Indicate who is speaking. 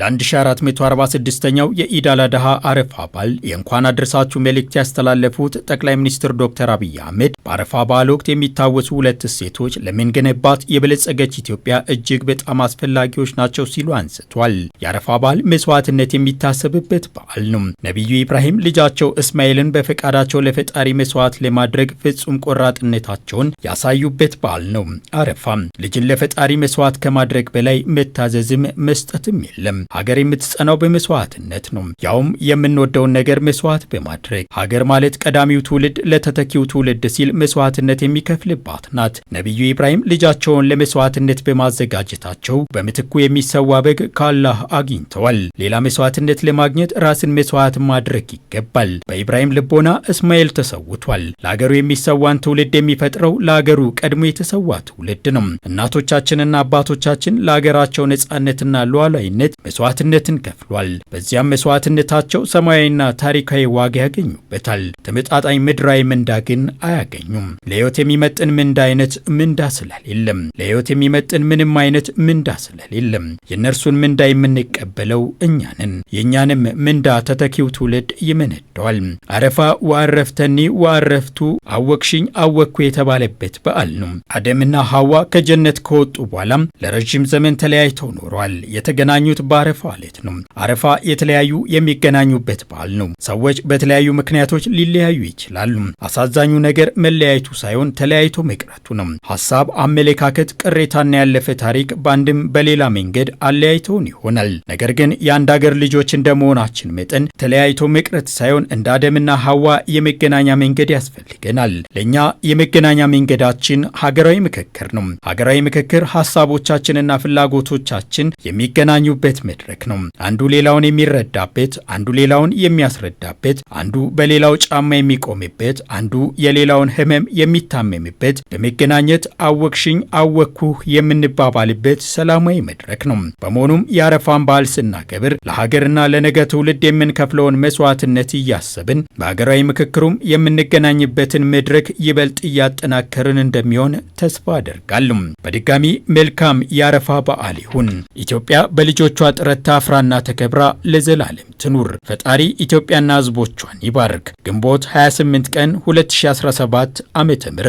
Speaker 1: ለ1446ኛው የኢድ አል አድሃ አረፋ በዓል የእንኳን አድርሳችሁ መልእክት ያስተላለፉት ጠቅላይ ሚኒስትር ዶክተር አብይ አህመድ በአረፋ በዓል ወቅት የሚታወሱ ሁለት እሴቶች ለምንገነባት የበለጸገች ኢትዮጵያ እጅግ በጣም አስፈላጊዎች ናቸው ሲሉ አንስቷል። የአረፋ በዓል መስዋዕትነት የሚታሰብበት በዓል ነው። ነቢዩ ኢብራሂም ልጃቸው እስማኤልን በፈቃዳቸው ለፈጣሪ መስዋዕት ለማድረግ ፍጹም ቆራጥነታቸውን ያሳዩበት በዓል ነው። አረፋ ልጅን ለፈጣሪ መስዋዕት ከማድረግ በላይ መታዘዝም መስጠትም የለም። ሀገር የምትጸናው በመስዋዕትነት ነው። ያውም የምንወደውን ነገር መስዋዕት በማድረግ ሀገር ማለት ቀዳሚው ትውልድ ለተተኪው ትውልድ ሲል መስዋዕትነት የሚከፍልባት ናት። ነቢዩ ኢብራሂም ልጃቸውን ለመስዋዕትነት በማዘጋጀታቸው በምትኩ የሚሰዋ በግ ካላህ አግኝተዋል። ሌላ መስዋዕትነት ለማግኘት ራስን መስዋዕት ማድረግ ይገባል። በኢብራሂም ልቦና እስማኤል ተሰውቷል። ለአገሩ የሚሰዋን ትውልድ የሚፈጥረው ለአገሩ ቀድሞ የተሰዋ ትውልድ ነው። እናቶቻችንና አባቶቻችን ለአገራቸው ነጻነትና ሉዓላዊነት መስዋዕትነትን ከፍሏል። በዚያም መስዋዕትነታቸው ሰማያዊና ታሪካዊ ዋጋ ያገኙበታል። ተመጣጣኝ ምድራዊ ምንዳ ግን አያገኙም። ለሕይወት የሚመጥን ምንዳ አይነት ምንዳ ስለሌለም ለሕይወት የሚመጥን ምንም አይነት ምንዳ ስለሌለም የእነርሱን ምንዳ የምንቀበለው እኛንን የእኛንም ምንዳ ተተኪው ትውልድ ይመነደዋል። አረፋ ወአረፍተኒ ወአረፍቱ አወቅሽኝ አወቅኩ የተባለበት በዓል ነው። አደምና ሐዋ ከጀነት ከወጡ በኋላም ለረዥም ዘመን ተለያይተው ኖረዋል። የተገናኙት ባ አረፋ ዕለት ነው። አረፋ የተለያዩ የሚገናኙበት በዓል ነው። ሰዎች በተለያዩ ምክንያቶች ሊለያዩ ይችላሉ። አሳዛኙ ነገር መለያየቱ ሳይሆን ተለያይቶ መቅረቱ ነው። ሀሳብ፣ አመለካከት፣ ቅሬታና ያለፈ ታሪክ በአንድም በሌላ መንገድ አለያይተውን ይሆናል። ነገር ግን የአንድ አገር ልጆች እንደመሆናችን መጠን ተለያይቶ መቅረት ሳይሆን እንደ አደምና ሀዋ የመገናኛ መንገድ ያስፈልገናል። ለእኛ የመገናኛ መንገዳችን ሀገራዊ ምክክር ነው። ሀገራዊ ምክክር ሀሳቦቻችንና ፍላጎቶቻችን የሚገናኙበት መድረክ ነው። አንዱ ሌላውን የሚረዳበት፣ አንዱ ሌላውን የሚያስረዳበት፣ አንዱ በሌላው ጫማ የሚቆምበት፣ አንዱ የሌላውን ህመም የሚታመምበት፣ በመገናኘት አወቅሽኝ አወቅኩህ የምንባባልበት ሰላማዊ መድረክ ነው። በመሆኑም የአረፋን በዓል ስናከብር ለሀገርና ለነገ ትውልድ የምንከፍለውን መስዋዕትነት እያሰብን በሀገራዊ ምክክሩም የምንገናኝበትን መድረክ ይበልጥ እያጠናከርን እንደሚሆን ተስፋ አደርጋለሁ። በድጋሚ መልካም የአረፋ በዓል ይሁን። ኢትዮጵያ በልጆቿ ጥረት ታፍራና ተከብራ ለዘላለም ትኑር። ፈጣሪ ኢትዮጵያና ሕዝቦቿን ይባርክ። ግንቦት 28 ቀን 2017 ም